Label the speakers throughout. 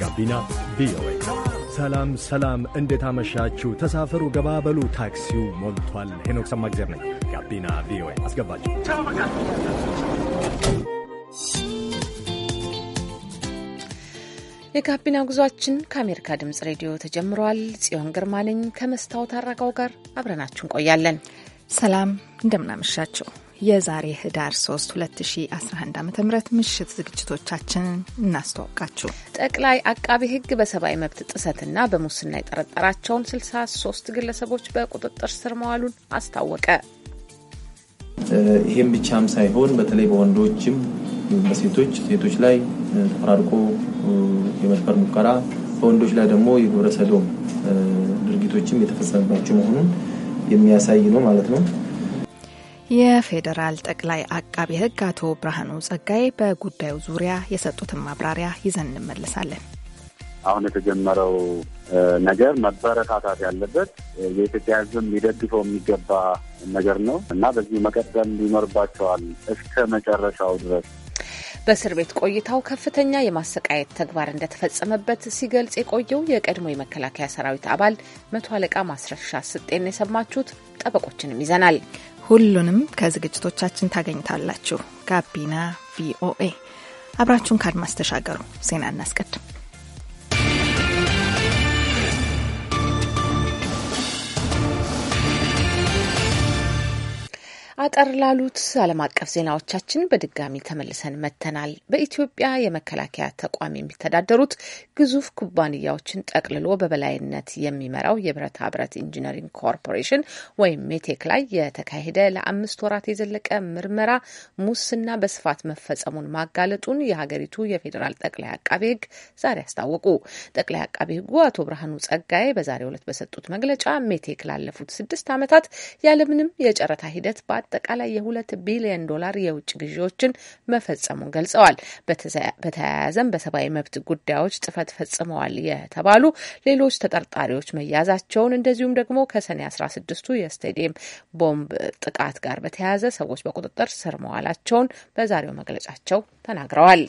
Speaker 1: ጋቢና ቪኦኤ። ሰላም ሰላም፣ እንዴት አመሻችሁ? ተሳፈሩ፣ ገባበሉ፣ ታክሲው ሞልቷል። ሄኖክ ሰማግዜር ነኝ። ጋቢና ቪኦኤ አስገባችሁ።
Speaker 2: የጋቢና ጉዟችን ከአሜሪካ ድምፅ ሬዲዮ ተጀምሯል። ጽዮን ግርማ ነኝ ከመስታወት አረጋው ጋር አብረናችሁ እንቆያለን። ሰላም እንደምናመሻችሁ የዛሬ
Speaker 3: ህዳር 3 2011 ዓ ም ምሽት ዝግጅቶቻችንን እናስተዋውቃችሁ።
Speaker 2: ጠቅላይ አቃቢ ህግ በሰብአዊ መብት ጥሰትና በሙስና የጠረጠራቸውን 63 ግለሰቦች በቁጥጥር ስር መዋሉን አስታወቀ።
Speaker 4: ይህም ብቻም ሳይሆን በተለይ በወንዶችም በሴቶች ሴቶች ላይ ተፈራርቆ የመድፈር ሙከራ በወንዶች ላይ ደግሞ የግብረ ሰዶም ድርጊቶችም የተፈጸመባቸው መሆኑን የሚያሳይ ነው ማለት ነው።
Speaker 3: የፌዴራል ጠቅላይ አቃቢ ሕግ አቶ ብርሃኑ ጸጋዬ በጉዳዩ ዙሪያ የሰጡትን ማብራሪያ ይዘን እንመለሳለን።
Speaker 5: አሁን የተጀመረው ነገር መበረታታት ያለበት የኢትዮጵያ ሕዝብ ሊደግፈው የሚገባ ነገር ነው እና በዚህ መቀጠል ይኖርባቸዋል እስከ መጨረሻው ድረስ።
Speaker 2: በእስር ቤት ቆይታው ከፍተኛ የማሰቃየት ተግባር እንደተፈጸመበት ሲገልጽ የቆየው የቀድሞ የመከላከያ ሰራዊት አባል መቶ አለቃ ማስረሻ ስጤን የሰማችሁት። ጠበቆችንም ይዘናል።
Speaker 3: ሁሉንም ከዝግጅቶቻችን ታገኝታላችሁ። ጋቢና ቪኦኤ አብራችሁን ካድማስ ተሻገሩ። ዜና እናስቀድም።
Speaker 2: አጠር ላሉት ዓለም አቀፍ ዜናዎቻችን በድጋሚ ተመልሰን መጥተናል። በኢትዮጵያ የመከላከያ ተቋም የሚተዳደሩት ግዙፍ ኩባንያዎችን ጠቅልሎ በበላይነት የሚመራው የብረታ ብረት ኢንጂነሪንግ ኮርፖሬሽን ወይም ሜቴክ ላይ የተካሄደ ለአምስት ወራት የዘለቀ ምርመራ ሙስና በስፋት መፈጸሙን ማጋለጡን የሀገሪቱ የፌዴራል ጠቅላይ አቃቤ ሕግ ዛሬ አስታወቁ። ጠቅላይ አቃቤ ሕጉ አቶ ብርሃኑ ጸጋዬ በዛሬው ዕለት በሰጡት መግለጫ ሜቴክ ላለፉት ስድስት ዓመታት ያለምንም የጨረታ ሂደት አጠቃላይ የሁለት ቢሊዮን ዶላር የውጭ ግዢዎችን መፈጸሙን ገልጸዋል። በተያያዘም በሰብአዊ መብት ጉዳዮች ጥፈት ፈጽመዋል የተባሉ ሌሎች ተጠርጣሪዎች መያዛቸውን እንደዚሁም ደግሞ ከሰኔ 16ቱ የስቴዲየም ቦምብ ጥቃት ጋር በተያያዘ ሰዎች በቁጥጥር ስር መዋላቸውን በዛሬው መግለጫቸው ተናግረዋል።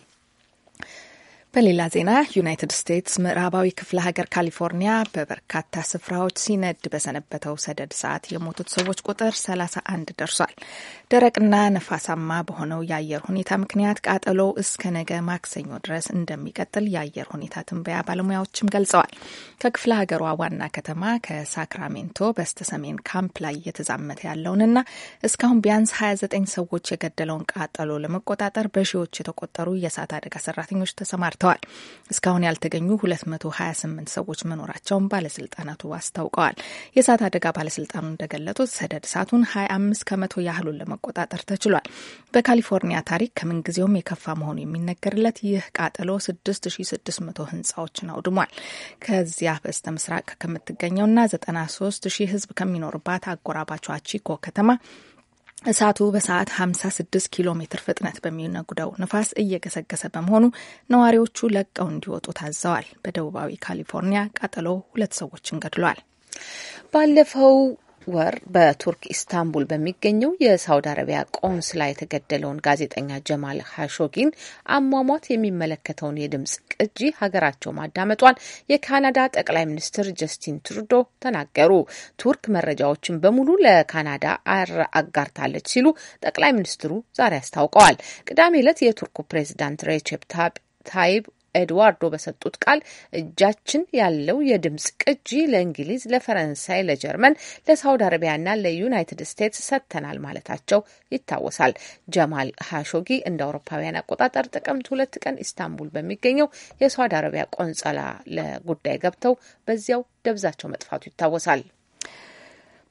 Speaker 2: በሌላ ዜና
Speaker 3: ዩናይትድ ስቴትስ ምዕራባዊ ክፍለ ሀገር ካሊፎርኒያ በበርካታ ስፍራዎች ሲነድ በሰነበተው ሰደድ ሰዓት የሞቱት ሰዎች ቁጥር 31 ደርሷል። ደረቅና ነፋሳማ በሆነው የአየር ሁኔታ ምክንያት ቃጠሎ እስከ ነገ ማክሰኞ ድረስ እንደሚቀጥል የአየር ሁኔታ ትንበያ ባለሙያዎችም ገልጸዋል። ከክፍለ ሀገሯ ዋና ከተማ ከሳክራሜንቶ በስተሰሜን ካምፕ ላይ እየተዛመተ ያለውንና እስካሁን ቢያንስ 29 ሰዎች የገደለውን ቃጠሎ ለመቆጣጠር በሺዎች የተቆጠሩ የእሳት አደጋ ሰራተኞች ተሰማርተዋል። ተጎድተዋል። እስካሁን ያልተገኙ 228 ሰዎች መኖራቸውን ባለስልጣናቱ አስታውቀዋል። የእሳት አደጋ ባለስልጣኑ እንደገለጡት ሰደድ እሳቱን 25 ከመቶ ያህሉን ለመቆጣጠር ተችሏል። በካሊፎርኒያ ታሪክ ከምንጊዜውም የከፋ መሆኑ የሚነገርለት ይህ ቃጠሎ 6600 ህንፃዎችን አውድሟል። ከዚያ በስተ ምስራቅ ከምትገኘውና 93 ሺህ ህዝብ ከሚኖርባት አጎራባቿ ቺኮ ከተማ እሳቱ በሰዓት 56 ኪሎ ሜትር ፍጥነት በሚነጉደው ንፋስ እየገሰገሰ በመሆኑ ነዋሪዎቹ ለቀው እንዲወጡ ታዘዋል። በደቡባዊ ካሊፎርኒያ ቃጠሎ ሁለት ሰዎችን ገድሏል።
Speaker 2: ባለፈው ወር በቱርክ ኢስታንቡል በሚገኘው የሳውዲ አረቢያ ቆንስላ የተገደለውን ጋዜጠኛ ጀማል ሀሾጊን አሟሟት የሚመለከተውን የድምጽ ቅጂ ሀገራቸው ማዳመጧን የካናዳ ጠቅላይ ሚኒስትር ጀስቲን ትሩዶ ተናገሩ። ቱርክ መረጃዎችን በሙሉ ለካናዳ አጋርታለች ሲሉ ጠቅላይ ሚኒስትሩ ዛሬ አስታውቀዋል። ቅዳሜ ዕለት የቱርኩ ፕሬዚዳንት ሬቼፕ ታይብ ኤድዋርዶ በሰጡት ቃል እጃችን ያለው የድምፅ ቅጂ ለእንግሊዝ፣ ለፈረንሳይ፣ ለጀርመን፣ ለሳውዲ አረቢያና ለዩናይትድ ስቴትስ ሰጥተናል ማለታቸው ይታወሳል። ጀማል ሀሾጊ እንደ አውሮፓውያን አቆጣጠር ጥቅምት ሁለት ቀን ኢስታንቡል በሚገኘው የሳውዲ አረቢያ ቆንጸላ ለጉዳይ ገብተው በዚያው ደብዛቸው መጥፋቱ ይታወሳል።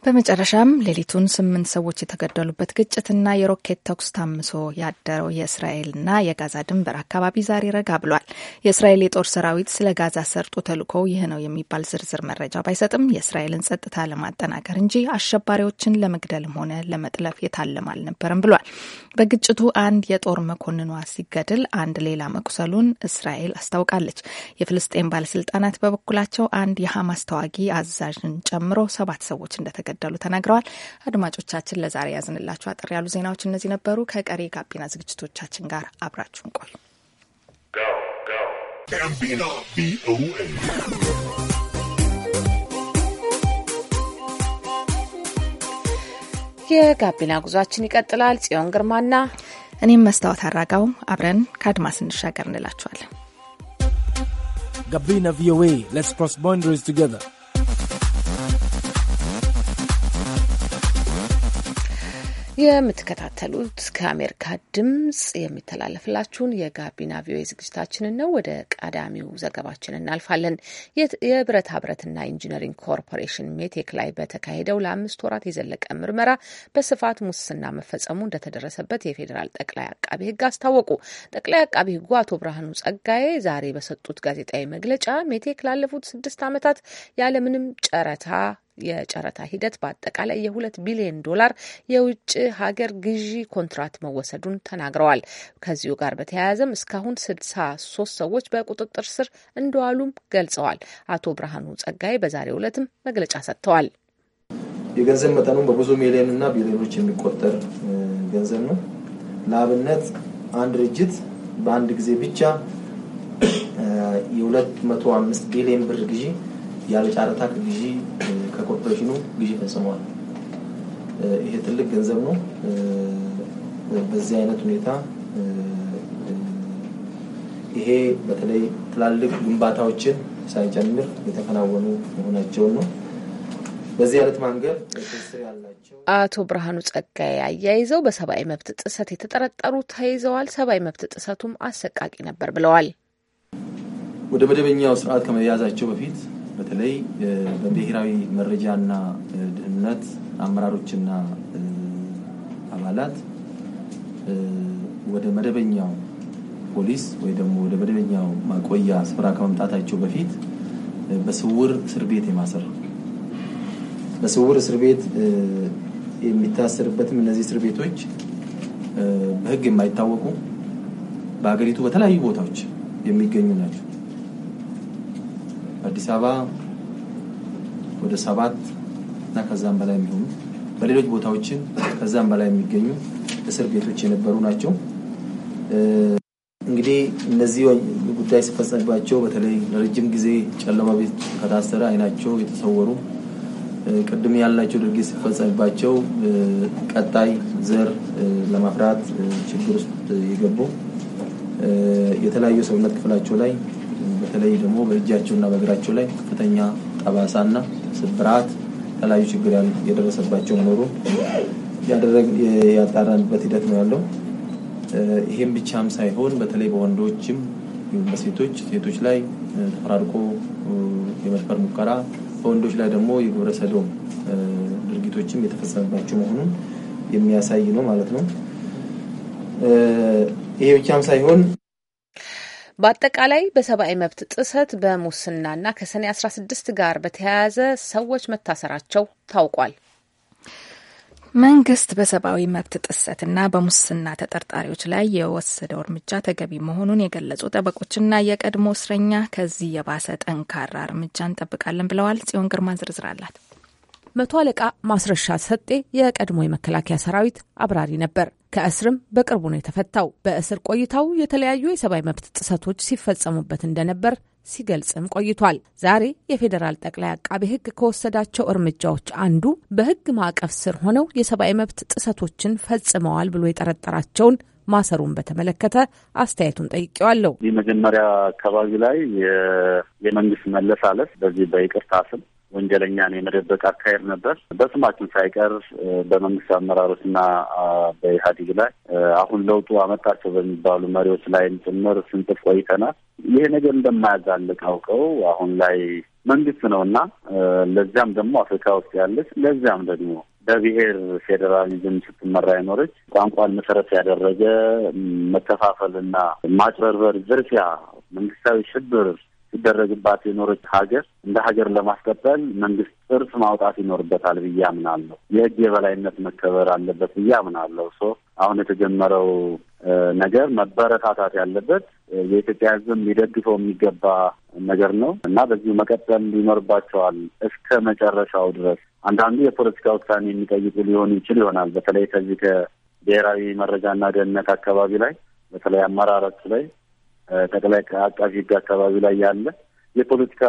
Speaker 3: በመጨረሻም ሌሊቱን ስምንት ሰዎች የተገደሉበት ግጭትና የሮኬት ተኩስ ታምሶ ያደረው የእስራኤልና የጋዛ ድንበር አካባቢ ዛሬ ረጋ ብሏል። የእስራኤል የጦር ሰራዊት ስለ ጋዛ ሰርጦ ተልኮ ይህ ነው የሚባል ዝርዝር መረጃ ባይሰጥም የእስራኤልን ጸጥታ ለማጠናከር እንጂ አሸባሪዎችን ለመግደልም ሆነ ለመጥለፍ የታለም አልነበረም ብሏል። በግጭቱ አንድ የጦር መኮንኗ ሲገድል፣ አንድ ሌላ መቁሰሉን እስራኤል አስታውቃለች። የፍልስጤን ባለስልጣናት በበኩላቸው አንድ የሐማስ ተዋጊ አዛዥን ጨምሮ ሰባት ሰዎች እንደተገ እንደተገደሉ ተናግረዋል። አድማጮቻችን ለዛሬ ያዝንላችሁ አጠር ያሉ ዜናዎች እነዚህ ነበሩ። ከቀሪ ጋቢና ዝግጅቶቻችን ጋር አብራችሁን ቆዩ።
Speaker 2: የጋቢና ጉዟችን ይቀጥላል። ጽዮን ግርማና
Speaker 3: እኔም መስታወት አራጋው አብረን ከአድማስ እንሻገር እንላችኋለን።
Speaker 4: ጋቢና ቪኦኤ ሌትስ ክሮስ ባውንደሪስ ቱጌዘር
Speaker 2: የምትከታተሉት ከአሜሪካ ድምጽ የሚተላለፍላችሁን የጋቢና ቪኦኤ ዝግጅታችንን ነው። ወደ ቀዳሚው ዘገባችን እናልፋለን። የብረታ ብረትና ኢንጂነሪንግ ኮርፖሬሽን ሜቴክ ላይ በተካሄደው ለአምስት ወራት የዘለቀ ምርመራ በስፋት ሙስና መፈጸሙ እንደተደረሰበት የፌዴራል ጠቅላይ አቃቢ ሕግ አስታወቁ። ጠቅላይ አቃቢ ሕጉ አቶ ብርሃኑ ጸጋዬ ዛሬ በሰጡት ጋዜጣዊ መግለጫ ሜቴክ ላለፉት ስድስት ዓመታት ያለምንም ጨረታ የጨረታ ሂደት በአጠቃላይ የሁለት ቢሊዮን ዶላር የውጭ ሀገር ግዢ ኮንትራት መወሰዱን ተናግረዋል። ከዚሁ ጋር በተያያዘም እስካሁን ስድሳ ሶስት ሰዎች በቁጥጥር ስር እንደዋሉም ገልጸዋል። አቶ ብርሃኑ ጸጋይ በዛሬው ዕለትም መግለጫ ሰጥተዋል።
Speaker 4: የገንዘብ መጠኑም በብዙ ሚሊዮን እና ቢሊዮኖች የሚቆጠር ገንዘብ ነው። ለአብነት አንድ ድርጅት በአንድ ጊዜ ብቻ የ205 ቢሊዮን ብር ግዢ ያለ ጨረታ ግዢ ከኮርፖሬሽኑ ግዢ ፈጽመዋል። ይሄ ትልቅ ገንዘብ ነው። በዚህ አይነት ሁኔታ ይሄ በተለይ ትላልቅ ግንባታዎችን ሳይጨምር የተከናወኑ መሆናቸውን ነው። በዚህ አይነት መንገድ
Speaker 2: አቶ ብርሃኑ ጸጋዬ አያይዘው በሰብአዊ መብት ጥሰት የተጠረጠሩ ተይዘዋል፣ ሰብአዊ መብት ጥሰቱም አሰቃቂ ነበር ብለዋል።
Speaker 4: ወደ መደበኛው ስርዓት ከመያዛቸው በፊት በተለይ በብሔራዊ መረጃና ደህንነት አመራሮችና አባላት ወደ መደበኛው ፖሊስ ወይ ደግሞ ወደ መደበኛው ማቆያ ስፍራ ከመምጣታቸው በፊት በስውር እስር ቤት የማሰር በስውር እስር ቤት የሚታሰርበትም እነዚህ እስር ቤቶች በሕግ የማይታወቁ በሀገሪቱ በተለያዩ ቦታዎች የሚገኙ ናቸው። በአዲስ አበባ ወደ ሰባት እና ከዛም በላይ የሚሆኑ በሌሎች ቦታዎችን ከዛም በላይ የሚገኙ እስር ቤቶች የነበሩ ናቸው። እንግዲህ እነዚህ ጉዳይ ሲፈጸምባቸው በተለይ ለረጅም ጊዜ ጨለማ ቤት ከታሰረ አይናቸው የተሰወሩ ቅድም ያልናቸው ድርጊት ሲፈጸምባቸው ቀጣይ ዘር ለማፍራት ችግር ውስጥ የገቡ የተለያዩ ሰውነት ክፍላቸው ላይ በተለይ ደግሞ በእጃቸውና በእግራቸው ላይ ከፍተኛ ጠባሳና ስብራት የተለያዩ ችግር የደረሰባቸው መኖሩ ያጣራንበት ሂደት ነው ያለው። ይህም ብቻም ሳይሆን በተለይ በወንዶችም በሴቶች ሴቶች ላይ ተፈራርቆ የመድፈር ሙከራ በወንዶች ላይ ደግሞ የግብረ ሰዶም ድርጊቶችም የተፈጸመባቸው መሆኑን የሚያሳይ ነው ማለት ነው። ይሄ ብቻም ሳይሆን
Speaker 2: በአጠቃላይ በሰብአዊ መብት ጥሰት በሙስናና ከሰኔ 16 ጋር በተያያዘ ሰዎች መታሰራቸው ታውቋል።
Speaker 3: መንግስት በሰብአዊ መብት ጥሰትና በሙስና ተጠርጣሪዎች ላይ የወሰደው እርምጃ ተገቢ መሆኑን የገለጹ ጠበቆችና የቀድሞ እስረኛ ከዚህ የባሰ ጠንካራ እርምጃ እንጠብቃለን ብለዋል። ጽዮን ግርማ ዝርዝር አላት።
Speaker 2: መቶ አለቃ ማስረሻ ሰጤ የቀድሞ የመከላከያ ሰራዊት አብራሪ ነበር። ከእስርም በቅርቡ ነው የተፈታው። በእስር ቆይታው የተለያዩ የሰብአዊ መብት ጥሰቶች ሲፈጸሙበት እንደነበር ሲገልጽም ቆይቷል። ዛሬ የፌዴራል ጠቅላይ አቃቤ ሕግ ከወሰዳቸው እርምጃዎች አንዱ በሕግ ማዕቀፍ ስር ሆነው የሰብአዊ መብት ጥሰቶችን ፈጽመዋል ብሎ የጠረጠራቸውን ማሰሩን በተመለከተ አስተያየቱን
Speaker 5: ጠይቄዋለሁ። የመጀመሪያ አካባቢ ላይ የመንግስት መለሳለስ በዚህ በይቅርታ ስም ወንጀለኛን የመደበቅ አካሄድ ነበር። በስማችን ሳይቀር በመንግስት አመራሮችና በኢህአዴግ ላይ አሁን ለውጡ አመጣቸው በሚባሉ መሪዎች ላይም ጭምር ስንጥፍ ቆይተናል። ይሄ ነገር እንደማያዛልቅ አውቀው አሁን ላይ መንግስት ነው እና ለዚያም ደግሞ አፍሪካ ውስጥ ያለች ለዚያም ደግሞ በብሔር ፌዴራሊዝም ስትመራ የኖረች ቋንቋን መሰረት ያደረገ መከፋፈልና ማጭበርበር፣ ዝርፊያ፣ መንግስታዊ ሽብር ሲደረግባት የኖረች ሀገር እንደ ሀገር ለማስቀጠል መንግስት ጥርስ ማውጣት ይኖርበታል ብዬ አምናለሁ። የህግ የበላይነት መከበር አለበት ብዬ አምናለሁ። ሶ አሁን የተጀመረው ነገር መበረታታት ያለበት የኢትዮጵያ ህዝብም ሊደግፈው የሚገባ ነገር ነው እና በዚሁ መቀጠል ይኖርባቸዋል እስከ መጨረሻው ድረስ። አንዳንዱ የፖለቲካ ውሳኔ የሚጠይቁ ሊሆኑ ይችል ይሆናል በተለይ ከዚህ ከብሔራዊ መረጃና ደህንነት አካባቢ ላይ በተለይ አመራረቱ ላይ ጠቅላይ አቃቢ ሕግ አካባቢ ላይ ያለ የፖለቲካ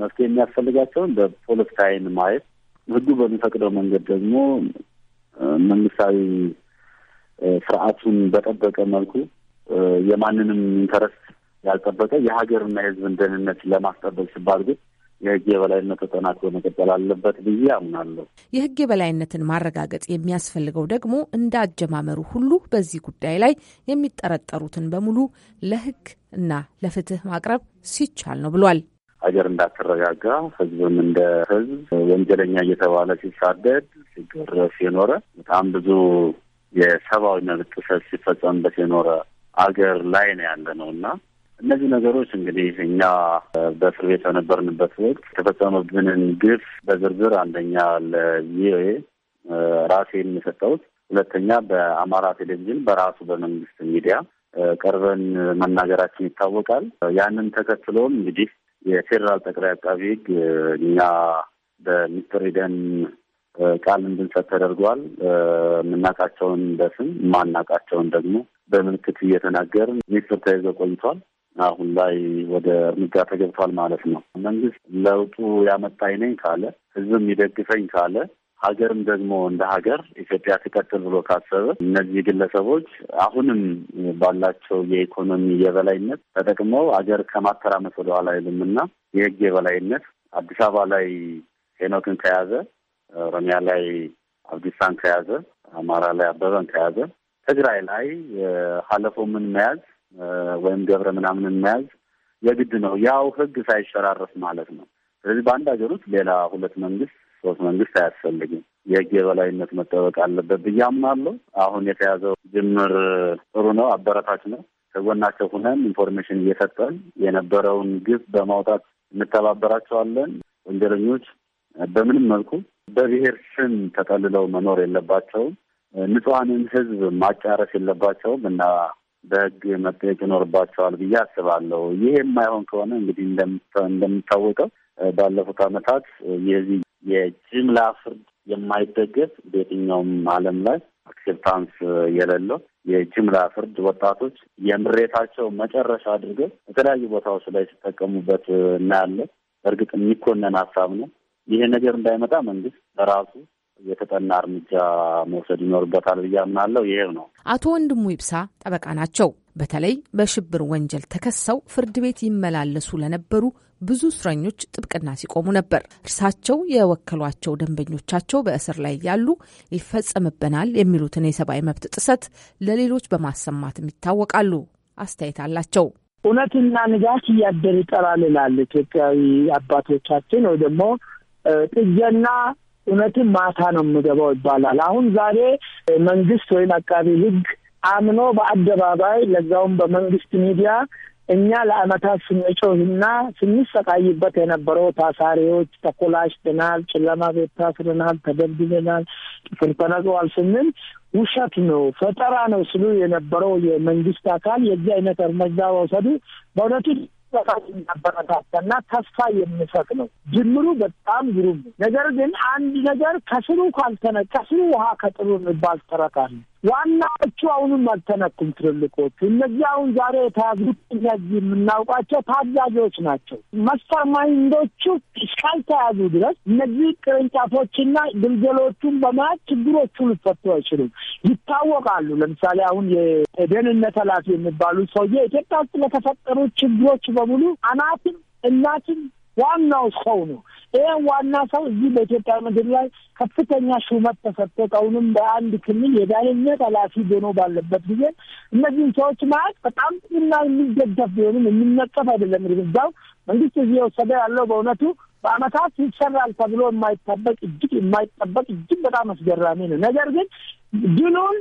Speaker 5: መፍትሄ የሚያስፈልጋቸውን በፖለቲካ አይን ማየት ሕጉ በሚፈቅደው መንገድ ደግሞ መንግስታዊ ስርዓቱን በጠበቀ መልኩ የማንንም ኢንተረስት ያልጠበቀ የሀገርና የሕዝብን ደህንነት ለማስጠበቅ ሲባል ግን የህግ የበላይነት ተጠናክሮ መቀጠል አለበት ብዬ
Speaker 2: አምናለሁ። የህግ የበላይነትን ማረጋገጥ የሚያስፈልገው ደግሞ እንደ አጀማመሩ ሁሉ በዚህ ጉዳይ ላይ የሚጠረጠሩትን በሙሉ ለህግ እና ለፍትህ ማቅረብ ሲቻል ነው ብሏል።
Speaker 5: ሀገር እንዳትረጋጋ ህዝብም እንደ ህዝብ ወንጀለኛ እየተባለ ሲሳደድ
Speaker 2: ሲገረፍ
Speaker 5: የኖረ በጣም ብዙ የሰብአዊ መብት ጥሰት ሲፈጸምበት የኖረ አገር ላይ ነው ያለ ነው እና እነዚህ ነገሮች እንግዲህ እኛ በእስር ቤት በነበርንበት ወቅት የተፈጸመብንን ግፍ በዝርዝር አንደኛ ለቪኦኤ ራሴ የሚሰጠውት፣ ሁለተኛ በአማራ ቴሌቪዥን በራሱ በመንግስት ሚዲያ ቀርበን መናገራችን ይታወቃል። ያንን ተከትሎም እንግዲህ የፌዴራል ጠቅላይ አቃቢ ሕግ እኛ በሚስትር ሂደን ቃል እንድንሰጥ ተደርጓል። የምናውቃቸውን በስም የማናውቃቸውን ደግሞ በምልክት እየተናገርን ሚስጥር ተይዞ ቆይቷል። አሁን ላይ ወደ እርምጃ ተገብቷል ማለት ነው። መንግስት ለውጡ ያመጣኝ ነኝ ካለ፣ ህዝብም ይደግፈኝ ካለ፣ ሀገርም ደግሞ እንደ ሀገር ኢትዮጵያ ትቀጥል ብሎ ካሰበ እነዚህ ግለሰቦች አሁንም ባላቸው የኢኮኖሚ የበላይነት ተጠቅመው ሀገር ከማተራመስ ወደኋላ አይሉምና የህግ የበላይነት አዲስ አበባ ላይ ሄኖክን ከያዘ፣ ኦሮሚያ ላይ አብዲሳን ከያዘ፣ አማራ ላይ አበበን ከያዘ፣ ትግራይ ላይ ሀለፎምን መያዝ ወይም ገብረ ምናምን መያዝ የግድ ነው። ያው ህግ ሳይሸራረፍ ማለት ነው። ስለዚህ በአንድ ሀገር ውስጥ ሌላ ሁለት መንግስት ሶስት መንግስት አያስፈልግም። የህግ የበላይነት መጠበቅ አለበት ብዬ አምናለሁ። አሁን የተያዘው ጅምር ጥሩ ነው፣ አበረታች ነው። ከጎናቸው ሁነን ኢንፎርሜሽን እየሰጠን የነበረውን ግብ በማውጣት እንተባበራቸዋለን። ወንጀለኞች በምንም መልኩ በብሔር ስም ተጠልለው መኖር የለባቸውም። ንጹሐንን ህዝብ ማጫረስ የለባቸውም እና በህግ መጠየቅ ይኖርባቸዋል ብዬ አስባለሁ። ይህ የማይሆን ከሆነ እንግዲህ እንደሚታወቀው ባለፉት አመታት የዚህ የጅምላ ፍርድ የማይደገፍ በየትኛውም ዓለም ላይ አክሴፕታንስ የሌለው የጅምላ ፍርድ ወጣቶች የምሬታቸው መጨረሻ አድርገው የተለያዩ ቦታዎች ላይ ሲጠቀሙበት እናያለን። በእርግጥ የሚኮነን ሀሳብ ነው። ይሄ ነገር እንዳይመጣ መንግስት በራሱ የተጠና እርምጃ መውሰድ ይኖርበታል ብዬ አምናለሁ። ይሄው ነው።
Speaker 2: አቶ ወንድሙ ይብሳ ጠበቃ ናቸው። በተለይ በሽብር ወንጀል ተከሰው ፍርድ ቤት ይመላለሱ ለነበሩ ብዙ እስረኞች ጥብቅና ሲቆሙ ነበር። እርሳቸው የወከሏቸው ደንበኞቻቸው በእስር ላይ ያሉ ይፈጸምብናል የሚሉትን የሰብአዊ መብት ጥሰት ለሌሎች በማሰማትም ይታወቃሉ። አስተያየት አላቸው። እውነትና ንጋት እያደር
Speaker 6: ይጠራል ይላል ኢትዮጵያዊ አባቶቻችን ወይ ደግሞ ጥጀና እውነትም ማታ ነው የምገባው ይባላል። አሁን ዛሬ መንግስት ወይም አቃቢ ህግ አምኖ በአደባባይ ለዛውም በመንግስት ሚዲያ እኛ ለአመታት ስንጮህና ስንሰቃይበት የነበረው ታሳሪዎች ተኮላሽተናል፣ ጨለማ ቤት ታስረናል፣ ተደብድበናል፣ ጥፍር ተነቅሏል ስንል ውሸት ነው፣ ፈጠራ ነው ስሉ የነበረው የመንግስት አካል የዚህ አይነት እርምጃ መውሰዱ በእውነቱ በጣም የሚያበረታታና ተስፋ የሚሰጥ ነው። ጅምሩ በጣም ግሩም ነው። ነገር ግን አንድ ነገር ከስሩ ካልተነ ከስሩ ውሃ ከጥሩ የሚባል ተረት አለ። ዋናዎቹ አሁንም አልተነኩም። ትልልቆቹ እነዚህ አሁን ዛሬ የተያዙት እነዚህ የምናውቋቸው ታዛዦች ናቸው። መስተር ማይንዶቹ እስካልተያዙ ድረስ እነዚህ ቅርንጫፎችና ግልገሎቹን በመያዝ ችግሮቹ ሊፈቱ አይችሉም። ይታወቃሉ። ለምሳሌ አሁን የደህንነት ኃላፊ የሚባሉ ሰውዬ ኢትዮጵያ ውስጥ ለተፈጠሩ ችግሮች በሙሉ አናትም እናትም ዋናው ሰው ነው። ይህ ዋና ሰው እዚህ በኢትዮጵያ ምድር ላይ ከፍተኛ ሹመት ተሰጥቶ አሁንም በአንድ ክልል የዳኝነት ኃላፊ ሆኖ ባለበት ጊዜ እነዚህን ሰዎች ማለት በጣም ጥሩና የሚደገፍ ቢሆንም የሚነቀፍ አይደለም። እርምጃው መንግስት እዚህ የወሰደ ያለው በእውነቱ በአመታት ይሰራል ተብሎ የማይጠበቅ እጅግ የማይጠበቅ እጅግ በጣም አስገራሚ ነው። ነገር ግን ድሉን፣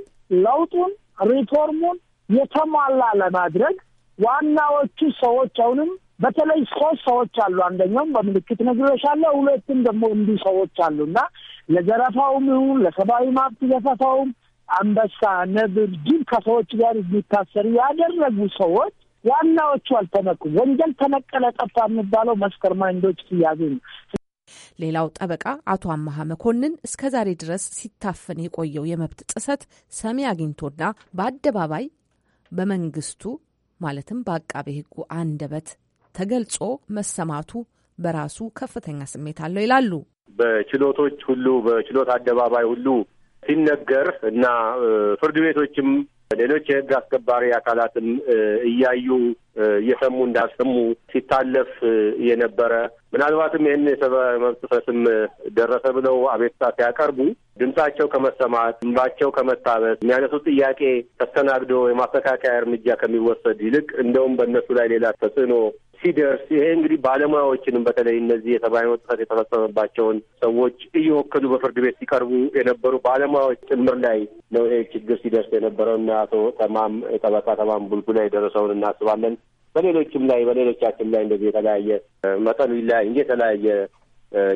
Speaker 6: ለውጡን፣ ሪፎርሙን የተሟላ ለማድረግ ዋናዎቹ ሰዎች አሁንም በተለይ ሶስት ሰዎች አሉ። አንደኛውም በምልክት ነግሬሻለሁ፣ ሁለቱም ደግሞ እንዲህ ሰዎች አሉ እና ለዘረፋውም ይሁን ለሰብአዊ መብት ዘፈፋውም አንበሳ፣ ነብር፣ ጅብ ከሰዎች ጋር እንዲታሰሩ ያደረጉ ሰዎች ዋናዎቹ አልተነኩም። ወንጀል ተነቀለ ጠፋ የሚባለው ማስተር ማይንዶች ነው።
Speaker 2: ሌላው ጠበቃ አቶ አመሀ መኮንን እስከ ዛሬ ድረስ ሲታፈን የቆየው የመብት ጥሰት ሰሚ አግኝቶና በአደባባይ በመንግስቱ ማለትም በአቃቤ ሕጉ አንደበት ተገልጾ መሰማቱ በራሱ ከፍተኛ ስሜት አለው ይላሉ።
Speaker 1: በችሎቶች ሁሉ በችሎት አደባባይ ሁሉ ሲነገር እና ፍርድ ቤቶችም ሌሎች የሕግ አስከባሪ አካላትም እያዩ እየሰሙ እንዳልሰሙ ሲታለፍ የነበረ ምናልባትም ይህን የሰብአዊ መብት ጥሰትም ደረሰ ብለው አቤቱታ ሲያቀርቡ ድምጻቸው ከመሰማት እንባቸው ከመታበስ የሚያነሱት ጥያቄ ተስተናግዶ የማስተካከያ እርምጃ ከሚወሰድ ይልቅ እንደውም በእነሱ ላይ ሌላ ተጽዕኖ ሲደርስ ይሄ እንግዲህ ባለሙያዎችንም በተለይ እነዚህ የሰብአዊ ጥሰት የተፈጸመባቸውን ሰዎች እየወከሉ በፍርድ ቤት ሲቀርቡ የነበሩ ባለሙያዎች ጭምር ላይ ነው ይሄ ችግር ሲደርስ የነበረው እና አቶ ተማም ጠበቃ ተማም ቡልቡ ላይ የደረሰውን እናስባለን። በሌሎችም ላይ በሌሎቻችን ላይ እንደዚህ የተለያየ መጠኑ ይለያይ እንጂ የተለያየ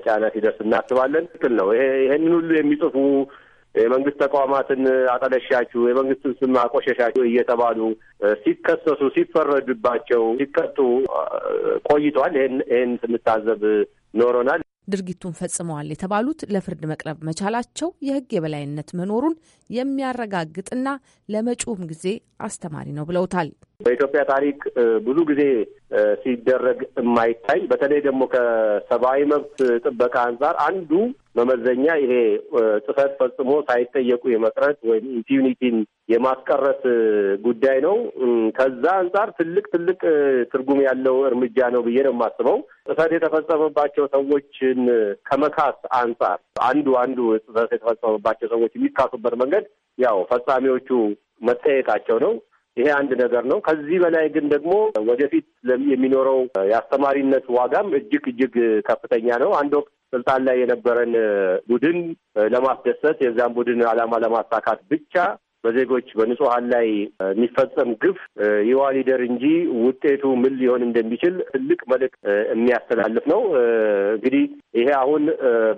Speaker 1: ጫና ሲደርስ እናስባለን። ትክክል ነው። ይሄ ይህንን ሁሉ የሚጽፉ የመንግስት ተቋማትን አጠለሻችሁ፣ የመንግስትን ስም አቆሸሻችሁ እየተባሉ ሲከሰሱ ሲፈረድባቸው ሲቀጡ ቆይቷል። ይህን ይህን ስንታዘብ ኖሮናል።
Speaker 2: ድርጊቱን ፈጽመዋል የተባሉት ለፍርድ መቅረብ መቻላቸው የህግ የበላይነት መኖሩን የሚያረጋግጥና ለመጪውም ጊዜ አስተማሪ ነው ብለውታል።
Speaker 1: በኢትዮጵያ ታሪክ ብዙ ጊዜ ሲደረግ የማይታይ በተለይ ደግሞ ከሰብአዊ መብት ጥበቃ አንጻር አንዱ መመዘኛ ይሄ ጥሰት ፈጽሞ ሳይጠየቁ የመቅረት ወይም ኢምፒዩኒቲን የማስቀረት ጉዳይ ነው። ከዛ አንጻር ትልቅ ትልቅ ትርጉም ያለው እርምጃ ነው ብዬ ነው የማስበው። ጥሰት የተፈጸመባቸው ሰዎችን ከመካስ አንጻር አንዱ አንዱ ጥሰት የተፈጸመባቸው ሰዎች የሚካሱበት መንገድ ያው ፈጻሚዎቹ መጠየቃቸው ነው። ይሄ አንድ ነገር ነው። ከዚህ በላይ ግን ደግሞ ወደፊት የሚኖረው የአስተማሪነት ዋጋም እጅግ እጅግ ከፍተኛ ነው። አንድ ወቅት ስልጣን ላይ የነበረን ቡድን ለማስደሰት የዛን ቡድን ዓላማ ለማሳካት ብቻ በዜጎች በንጹሀን ላይ የሚፈጸም ግፍ ይዋ ሊደር እንጂ ውጤቱ ምን ሊሆን እንደሚችል ትልቅ መልዕክት የሚያስተላልፍ ነው። እንግዲህ ይሄ አሁን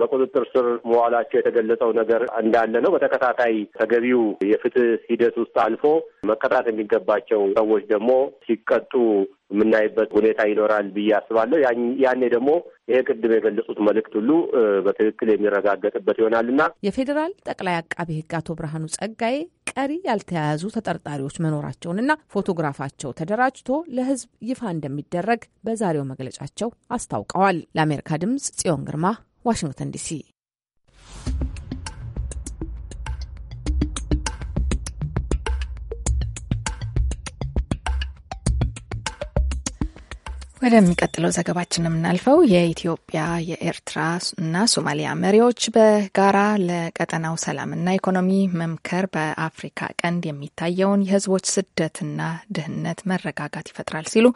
Speaker 1: በቁጥጥር ስር መዋላቸው የተገለጸው ነገር እንዳለ ነው። በተከታታይ ተገቢው የፍትህ ሂደት ውስጥ አልፎ መቀጣት የሚገባቸው ሰዎች ደግሞ ሲቀጡ የምናይበት ሁኔታ ይኖራል ብዬ አስባለሁ። ያኔ ደግሞ ይሄ ቅድም የገለጹት መልእክት ሁሉ በትክክል የሚረጋገጥበት
Speaker 2: ይሆናልና የፌዴራል ጠቅላይ አቃቤ ሕግ አቶ ብርሃኑ ጸጋዬ ቀሪ ያልተያያዙ ተጠርጣሪዎች መኖራቸውንና ፎቶግራፋቸው ተደራጅቶ ለሕዝብ ይፋ እንደሚደረግ በዛሬው መግለጫቸው አስታውቀዋል። ለአሜሪካ ድምጽ ጽዮን ግርማ ዋሽንግተን ዲሲ
Speaker 3: ወደሚቀጥለው ዘገባችን የምናልፈው የኢትዮጵያ የኤርትራ እና ሶማሊያ መሪዎች በጋራ ለቀጠናው ሰላምና ኢኮኖሚ መምከር በአፍሪካ ቀንድ የሚታየውን የሕዝቦች ስደትና ድህነት መረጋጋት ይፈጥራል ሲሉ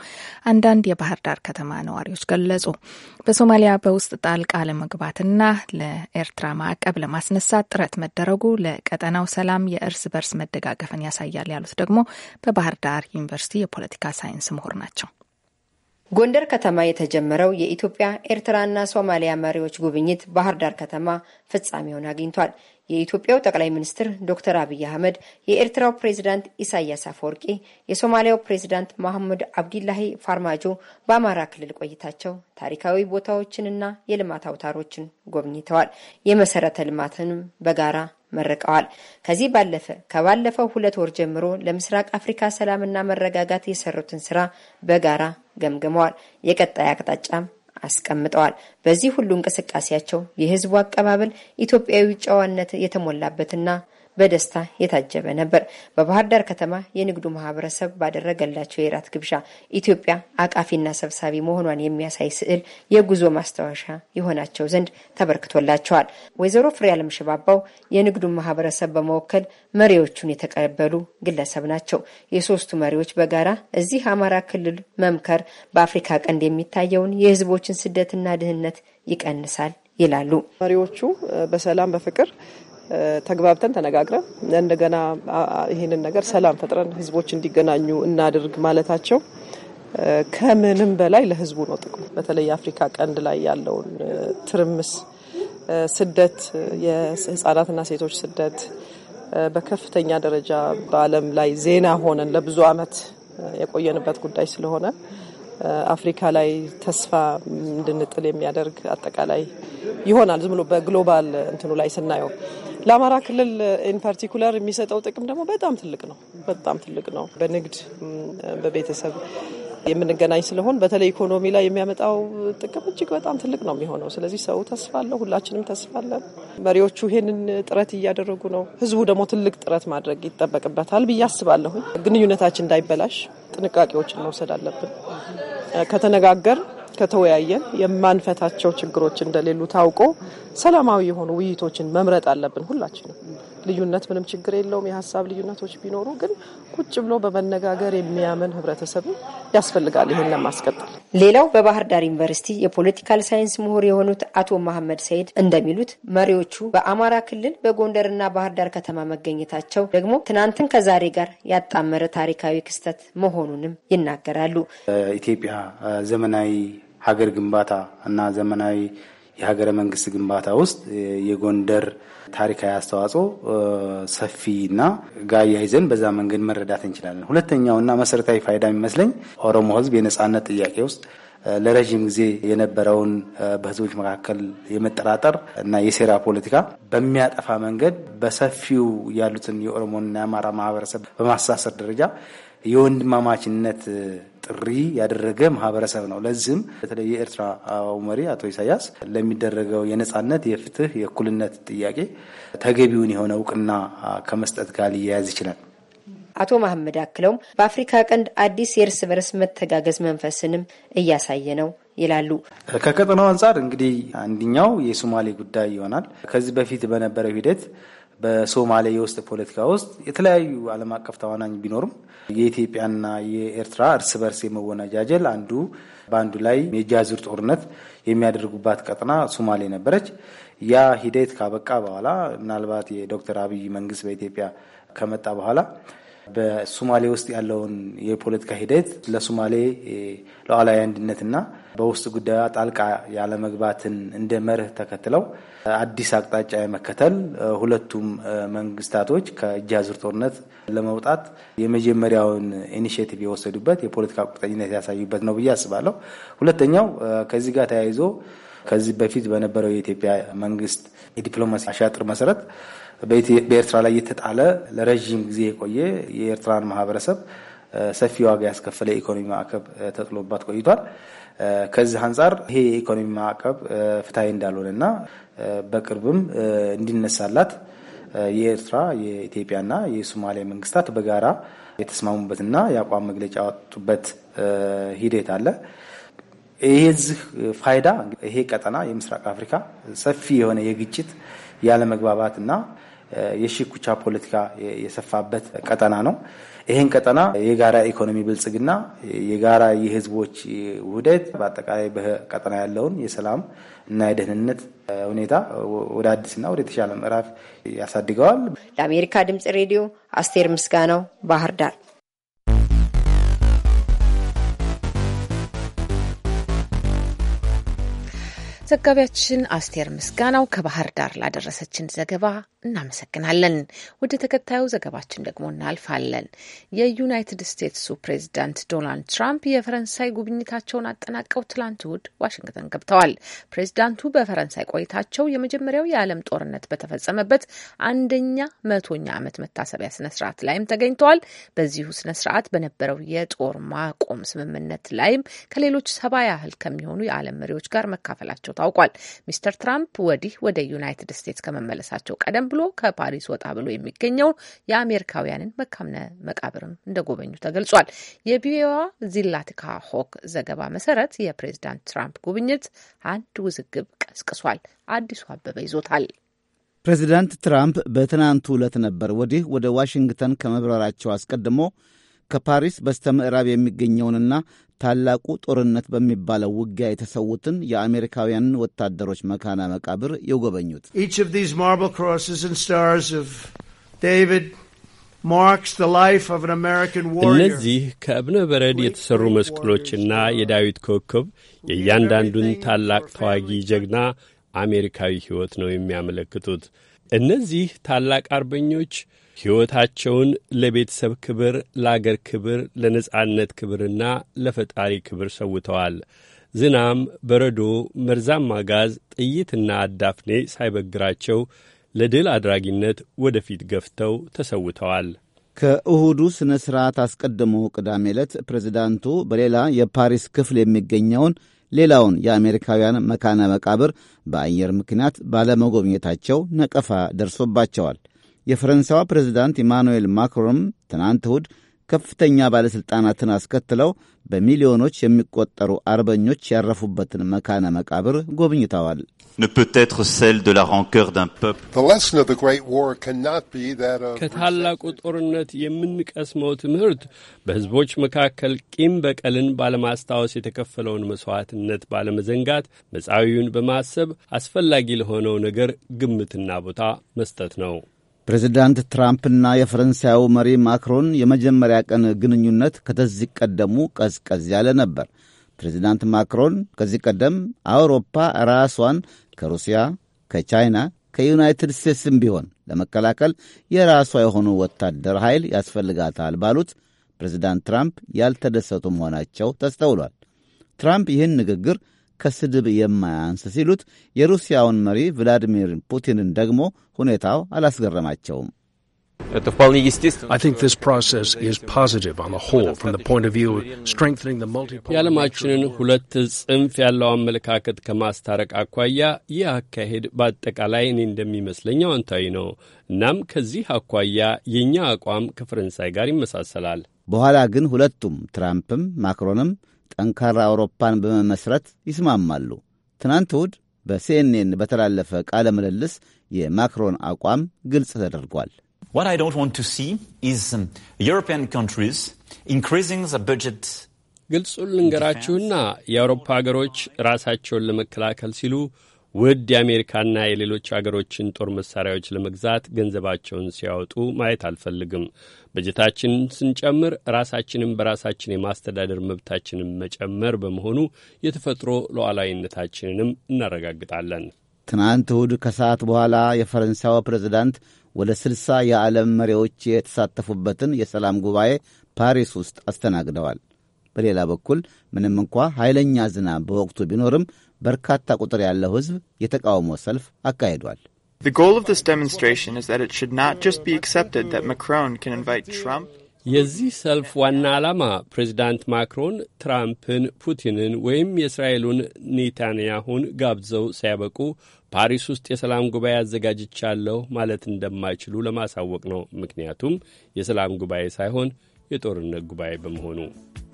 Speaker 3: አንዳንድ የባህር ዳር ከተማ ነዋሪዎች ገለጹ። በሶማሊያ በውስጥ ጣልቃ ለመግባትና ለኤርትራ ማዕቀብ ለማስነሳት ጥረት መደረጉ ለቀጠናው ሰላም የእርስ በርስ መደጋገፍን ያሳያል ያሉት ደግሞ በባህር ዳር ዩኒቨርሲቲ የፖለቲካ ሳይንስ ምሁር ናቸው።
Speaker 7: ጎንደር ከተማ የተጀመረው የኢትዮጵያ ኤርትራና ሶማሊያ መሪዎች ጉብኝት ባህር ዳር ከተማ ፍጻሜውን አግኝቷል። የኢትዮጵያው ጠቅላይ ሚኒስትር ዶክተር አብይ አህመድ፣ የኤርትራው ፕሬዚዳንት ኢሳያስ አፈወርቂ፣ የሶማሊያው ፕሬዚዳንት መሐመድ አብዲላሂ ፋርማጆ በአማራ ክልል ቆይታቸው ታሪካዊ ቦታዎችንና የልማት አውታሮችን ጎብኝተዋል። የመሰረተ ልማትንም በጋራ መርቀዋል። ከዚህ ባለፈ ከባለፈው ሁለት ወር ጀምሮ ለምስራቅ አፍሪካ ሰላምና መረጋጋት የሰሩትን ስራ በጋራ ገምግመዋል። የቀጣይ አቅጣጫም አስቀምጠዋል። በዚህ ሁሉ እንቅስቃሴያቸው የህዝቡ አቀባበል ኢትዮጵያዊ ጨዋነት የተሞላበትና በደስታ የታጀበ ነበር። በባህር ዳር ከተማ የንግዱ ማህበረሰብ ባደረገላቸው የራት ግብዣ ኢትዮጵያ አቃፊና ሰብሳቢ መሆኗን የሚያሳይ ስዕል የጉዞ ማስታወሻ የሆናቸው ዘንድ ተበርክቶላቸዋል። ወይዘሮ ፍሬያለም ሽባባው የንግዱን ማህበረሰብ በመወከል መሪዎቹን የተቀበሉ ግለሰብ ናቸው። የሶስቱ መሪዎች በጋራ እዚህ አማራ ክልል መምከር በአፍሪካ ቀንድ የሚታየውን የህዝቦችን ስደትና ድህነት ይቀንሳል ይላሉ። መሪዎቹ በሰላም
Speaker 8: በፍቅር ተግባብተን ተነጋግረን እንደገና ይህንን ነገር ሰላም ፈጥረን ህዝቦች እንዲገናኙ እናድርግ ማለታቸው ከምንም በላይ ለህዝቡ ነው ጥቅሙ። በተለይ የአፍሪካ ቀንድ ላይ ያለውን ትርምስ፣ ስደት፣ የህጻናትና ሴቶች ስደት በከፍተኛ ደረጃ በዓለም ላይ ዜና ሆነን ለብዙ ዓመት የቆየንበት ጉዳይ ስለሆነ አፍሪካ ላይ ተስፋ እንድንጥል የሚያደርግ አጠቃላይ ይሆናል። ዝም ብሎ በግሎባል እንትኑ ላይ ስናየው ለአማራ ክልል ኢንፓርቲኩለር የሚሰጠው ጥቅም ደግሞ በጣም ትልቅ ነው። በጣም ትልቅ ነው። በንግድ በቤተሰብ የምንገናኝ ስለሆን በተለይ ኢኮኖሚ ላይ የሚያመጣው ጥቅም እጅግ በጣም ትልቅ ነው የሚሆነው። ስለዚህ ሰው ተስፋ አለው፣ ሁላችንም ተስፋ አለን። መሪዎቹ ይህንን ጥረት እያደረጉ ነው። ህዝቡ ደግሞ ትልቅ ጥረት ማድረግ ይጠበቅበታል ብዬ አስባለሁኝ። ግንኙነታችን እንዳይበላሽ ጥንቃቄዎችን መውሰድ አለብን። ከተነጋገር ከተወያየን የማንፈታቸው ችግሮች እንደሌሉ ታውቆ ሰላማዊ የሆኑ ውይይቶችን መምረጥ አለብን ሁላችንም። ልዩነት ምንም ችግር የለውም። የሀሳብ ልዩነቶች ቢኖሩ ግን ቁጭ ብሎ በመነጋገር የሚያምን ህብረተሰብ ያስፈልጋል ይህን ለማስቀጠል። ሌላው በባህር
Speaker 7: ዳር ዩኒቨርሲቲ የፖለቲካል ሳይንስ ምሁር የሆኑት አቶ መሐመድ ሰይድ እንደሚሉት መሪዎቹ በአማራ ክልል በጎንደርና ባህር ዳር ከተማ መገኘታቸው ደግሞ ትናንትን ከዛሬ ጋር ያጣመረ ታሪካዊ ክስተት መሆኑንም ይናገራሉ።
Speaker 9: ኢትዮጵያ ዘመናዊ ሀገር ግንባታ እና ዘመናዊ የሀገረ መንግስት ግንባታ ውስጥ የጎንደር ታሪካዊ አስተዋጽኦ ሰፊና ጋር ያይዘን በዛ መንገድ መረዳት እንችላለን። ሁለተኛውና መሰረታዊ ፋይዳ የሚመስለኝ ኦሮሞ ህዝብ የነጻነት ጥያቄ ውስጥ ለረዥም ጊዜ የነበረውን በህዝቦች መካከል የመጠራጠር እና የሴራ ፖለቲካ በሚያጠፋ መንገድ በሰፊው ያሉትን የኦሮሞና የአማራ ማህበረሰብ በማሳሰር ደረጃ የወንድማማችነት ጥሪ ያደረገ ማህበረሰብ ነው። ለዚህም በተለይ የኤርትራው መሪ አቶ ኢሳያስ ለሚደረገው የነጻነት፣ የፍትህ፣ የእኩልነት ጥያቄ ተገቢውን የሆነ እውቅና ከመስጠት ጋር ሊያያዝ ይችላል።
Speaker 7: አቶ መሐመድ አክለውም በአፍሪካ ቀንድ አዲስ የእርስ በርስ መተጋገዝ መንፈስንም እያሳየ ነው ይላሉ።
Speaker 9: ከቀጠናው አንጻር እንግዲህ አንድኛው የሶማሌ ጉዳይ ይሆናል። ከዚህ በፊት በነበረው ሂደት በሶማሌ የውስጥ ፖለቲካ ውስጥ የተለያዩ ዓለም አቀፍ ተዋናኝ ቢኖርም የኢትዮጵያና የኤርትራ እርስ በርስ የመወነጃጀል አንዱ በአንዱ ላይ የጃዙር ጦርነት የሚያደርጉባት ቀጠና ሶማሌ ነበረች። ያ ሂደት ካበቃ በኋላ ምናልባት የዶክተር አብይ መንግስት በኢትዮጵያ ከመጣ በኋላ በሶማሌ ውስጥ ያለውን የፖለቲካ ሂደት ለሶማሌ ሉዓላዊ አንድነትና በውስጥ ጉዳዩ ጣልቃ ያለመግባትን እንደ መርህ ተከትለው አዲስ አቅጣጫ የመከተል ሁለቱም መንግስታቶች ከእጅ አዙር ጦርነት ለመውጣት የመጀመሪያውን ኢኒሽቲቭ የወሰዱበት የፖለቲካ ቁርጠኝነት ያሳዩበት ነው ብዬ አስባለሁ። ሁለተኛው ከዚህ ጋር ተያይዞ ከዚህ በፊት በነበረው የኢትዮጵያ መንግስት የዲፕሎማሲ አሻጥር መሰረት በኤርትራ ላይ የተጣለ ለረዥም ጊዜ የቆየ የኤርትራን ማህበረሰብ ሰፊ ዋጋ ያስከፈለ የኢኮኖሚ ማዕቀብ ተጥሎባት ቆይቷል። ከዚህ አንጻር ይሄ የኢኮኖሚ ማዕቀብ ፍትሐዊ እንዳልሆነና በቅርብም እንዲነሳላት የኤርትራ የኢትዮጵያና የሶማሊያ መንግስታት በጋራ የተስማሙበትና የአቋም መግለጫ ያወጡበት ሂደት አለ። ይሄዚህ ፋይዳ ይሄ ቀጠና የምስራቅ አፍሪካ ሰፊ የሆነ የግጭት ያለመግባባትና የሽኩቻ ፖለቲካ የሰፋበት ቀጠና ነው። ይህን ቀጠና የጋራ ኢኮኖሚ ብልጽግና፣ የጋራ የህዝቦች ውህደት፣ በአጠቃላይ በቀጠና ያለውን የሰላም እና የደህንነት ሁኔታ ወደ አዲስና ወደ ተሻለ ምዕራፍ ያሳድገዋል።
Speaker 7: ለአሜሪካ ድምጽ ሬዲዮ አስቴር ምስጋናው ባህር ዳር
Speaker 2: ዘጋቢያችን አስቴር ምስጋናው ከባህር ዳር ላደረሰችን ዘገባ እናመሰግናለን። ወደ ተከታዩ ዘገባችን ደግሞ እናልፋለን። የዩናይትድ ስቴትሱ ፕሬዚዳንት ዶናልድ ትራምፕ የፈረንሳይ ጉብኝታቸውን አጠናቀው ትላንት እሁድ ዋሽንግተን ገብተዋል። ፕሬዚዳንቱ በፈረንሳይ ቆይታቸው የመጀመሪያው የዓለም ጦርነት በተፈጸመበት አንደኛ መቶኛ ዓመት መታሰቢያ ስነስርዓት ላይም ተገኝተዋል። በዚሁ ስነ-ስርዓት በነበረው የጦር ማቆም ስምምነት ላይም ከሌሎች ሰባ ያህል ከሚሆኑ የዓለም መሪዎች ጋር መካፈላቸው አስታውቋል። ሚስተር ትራምፕ ወዲህ ወደ ዩናይትድ ስቴትስ ከመመለሳቸው ቀደም ብሎ ከፓሪስ ወጣ ብሎ የሚገኘው የአሜሪካውያንን መካምነ መቃብርም እንደጎበኙ ተገልጿል። የቪዋ ዚላቲካ ሆክ ዘገባ መሰረት የፕሬዚዳንት ትራምፕ ጉብኝት አንድ ውዝግብ ቀስቅሷል። አዲሱ አበበ ይዞታል።
Speaker 10: ፕሬዚዳንት ትራምፕ በትናንቱ ዕለት ነበር ወዲህ ወደ ዋሽንግተን ከመብረራቸው አስቀድሞ ከፓሪስ በስተ ምዕራብ የሚገኘውንና ታላቁ ጦርነት በሚባለው ውጊያ የተሰዉትን የአሜሪካውያንን ወታደሮች መካና መቃብር የጎበኙት። እነዚህ
Speaker 11: ከእብነ በረድ የተሠሩ መስቀሎችና የዳዊት ኮከብ የእያንዳንዱን ታላቅ ተዋጊ ጀግና አሜሪካዊ ሕይወት ነው የሚያመለክቱት። እነዚህ ታላቅ አርበኞች ሕይወታቸውን ለቤተሰብ ክብር፣ ለአገር ክብር፣ ለነጻነት ክብርና ለፈጣሪ ክብር ሰውተዋል። ዝናም፣ በረዶ፣ መርዛማ ጋዝ፣ ጥይትና አዳፍኔ ሳይበግራቸው ለድል አድራጊነት ወደፊት ገፍተው ተሰውተዋል።
Speaker 10: ከእሁዱ ሥነ ሥርዓት አስቀድሞ ቅዳሜ ዕለት ፕሬዚዳንቱ በሌላ የፓሪስ ክፍል የሚገኘውን ሌላውን የአሜሪካውያን መካነ መቃብር በአየር ምክንያት ባለመጎብኘታቸው ነቀፋ ደርሶባቸዋል። የፈረንሳዋ ፕሬዚዳንት ኢማኑኤል ማክሮን ትናንት እሁድ ከፍተኛ ባለሥልጣናትን አስከትለው በሚሊዮኖች የሚቆጠሩ አርበኞች ያረፉበትን መካነ መቃብር ጎብኝተዋል።
Speaker 11: ከታላቁ ጦርነት የምንቀስመው ትምህርት በሕዝቦች መካከል ቂም በቀልን ባለማስታወስ የተከፈለውን መሥዋዕትነት ባለመዘንጋት መጻዊውን በማሰብ አስፈላጊ ለሆነው ነገር ግምትና ቦታ መስጠት ነው።
Speaker 10: ፕሬዚዳንት ትራምፕና የፈረንሳዩ መሪ ማክሮን የመጀመሪያ ቀን ግንኙነት ከዚህ ቀደሙ ቀዝቀዝ ያለ ነበር። ፕሬዚዳንት ማክሮን ከዚህ ቀደም አውሮፓ ራሷን ከሩሲያ፣ ከቻይና፣ ከዩናይትድ ስቴትስም ቢሆን ለመከላከል የራሷ የሆኑ ወታደር ኃይል ያስፈልጋታል ባሉት ፕሬዚዳንት ትራምፕ ያልተደሰቱ መሆናቸው ተስተውሏል። ትራምፕ ይህን ንግግር ከስድብ የማያንስ ሲሉት የሩሲያውን መሪ ቭላዲሚር ፑቲንን ደግሞ ሁኔታው አላስገረማቸውም።
Speaker 11: የዓለማችንን ሁለት ጽንፍ ያለው አመለካከት ከማስታረቅ አኳያ ይህ አካሄድ በአጠቃላይ እኔ እንደሚመስለኝ አዎንታዊ ነው። እናም ከዚህ አኳያ የእኛ አቋም ከፈረንሳይ ጋር ይመሳሰላል።
Speaker 10: በኋላ ግን ሁለቱም ትራምፕም ማክሮንም ጠንካራ አውሮፓን በመመስረት ይስማማሉ። ትናንት እሁድ በሲኤንኤን በተላለፈ ቃለ ምልልስ የማክሮን አቋም ግልጽ ተደርጓል። um, ግልጹን ልንገራችሁና የአውሮፓ አገሮች
Speaker 11: ራሳቸውን ለመከላከል ሲሉ ውድ የአሜሪካና የሌሎች አገሮችን ጦር መሳሪያዎች ለመግዛት ገንዘባቸውን ሲያወጡ ማየት አልፈልግም። በጀታችን ስንጨምር ራሳችንን በራሳችን የማስተዳደር መብታችንን መጨመር በመሆኑ የተፈጥሮ ሉዓላዊነታችንንም እናረጋግጣለን።
Speaker 10: ትናንት እሁድ ከሰዓት በኋላ የፈረንሳዩ ፕሬዝዳንት ወደ ስልሳ የዓለም መሪዎች የተሳተፉበትን የሰላም ጉባኤ ፓሪስ ውስጥ አስተናግደዋል። በሌላ በኩል ምንም እንኳ ኃይለኛ ዝናብ በወቅቱ ቢኖርም በርካታ ቁጥር ያለው ሕዝብ የተቃውሞ ሰልፍ አካሂዷል። The goal of this
Speaker 3: demonstration is that it should not just be accepted that Macron can invite Trump.
Speaker 11: የዚህ ሰልፍ ዋና ዓላማ ፕሬዚዳንት ማክሮን ትራምፕን፣ ፑቲንን ወይም የእስራኤሉን ኔታንያሁን ጋብዘው ሳያበቁ ፓሪስ ውስጥ የሰላም ጉባኤ አዘጋጅቻለሁ ማለት እንደማይችሉ ለማሳወቅ ነው። ምክንያቱም የሰላም ጉባኤ ሳይሆን የጦርነት ጉባኤ በመሆኑ።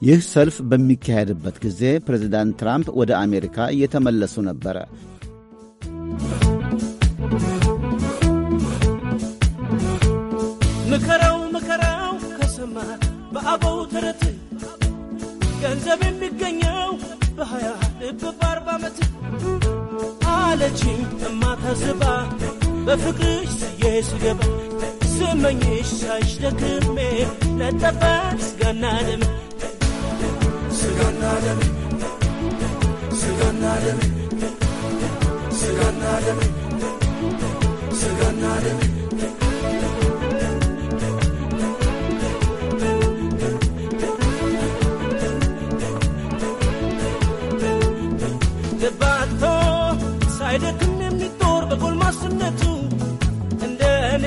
Speaker 10: ይህ ሰልፍ በሚካሄድበት ጊዜ ፕሬዚዳንት ትራምፕ ወደ አሜሪካ እየተመለሱ ነበረ።
Speaker 8: Thank ምከራው ምከራው ከሰማ በአበው ተረት ገንዘብ የሚገኘው በሀያ ልብ በአርባ ዓመት አለችኝ እማታስባ በፍቅርሽ ስዬ ስገባ ስመኝሽ ሳይሽ ደክሜ ለጠፋት ስጋና ደም ስጋና ደም ስጋና ደም ስጋና ደም ስጋና ደም አይደክም የሚጦር በጎልማስነቱ እንደ እኔ።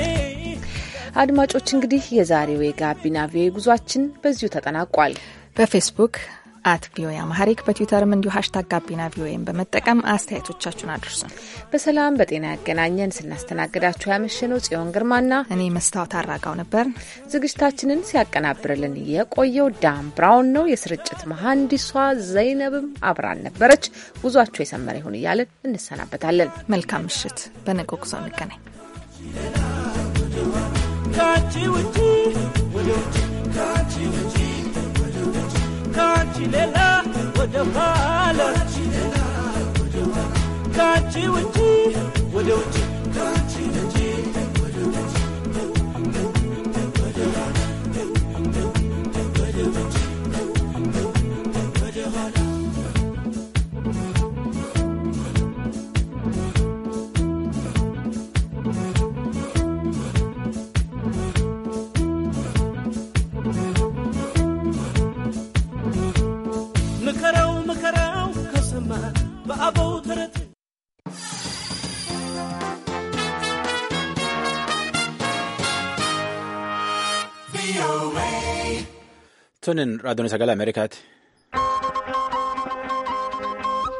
Speaker 2: አድማጮች እንግዲህ የዛሬው የጋቢና ቪኦኤ ጉዟችን በዚሁ ተጠናቋል። በፌስቡክ አት ቪኦኤ አማሪክ በትዊተርም እንዲሁ ሀሽታግ ጋቢና ቪኦኤም በመጠቀም አስተያየቶቻችሁን አድርሱን። በሰላም በጤና ያገናኘን። ስናስተናግዳችሁ ያመሸነው ጽዮን ግርማና እኔ መስታወት አራጋው ነበር። ዝግጅታችንን ሲያቀናብርልን የቆየው ዳም ብራውን ነው። የስርጭት መሐንዲሷ ዘይነብም አብራን ነበረች። ጉዟችሁ የሰመረ ይሁን እያልን እንሰናበታለን። መልካም ምሽት። በነገው ጉዞ እንገናኝ።
Speaker 8: Got you ካንቺ ሌላ ወደ ኋላ ካንቺ ውጪ ወደ ውጪ ከአበው ተረት
Speaker 4: tunnen raadioon sagale Ameerikaati.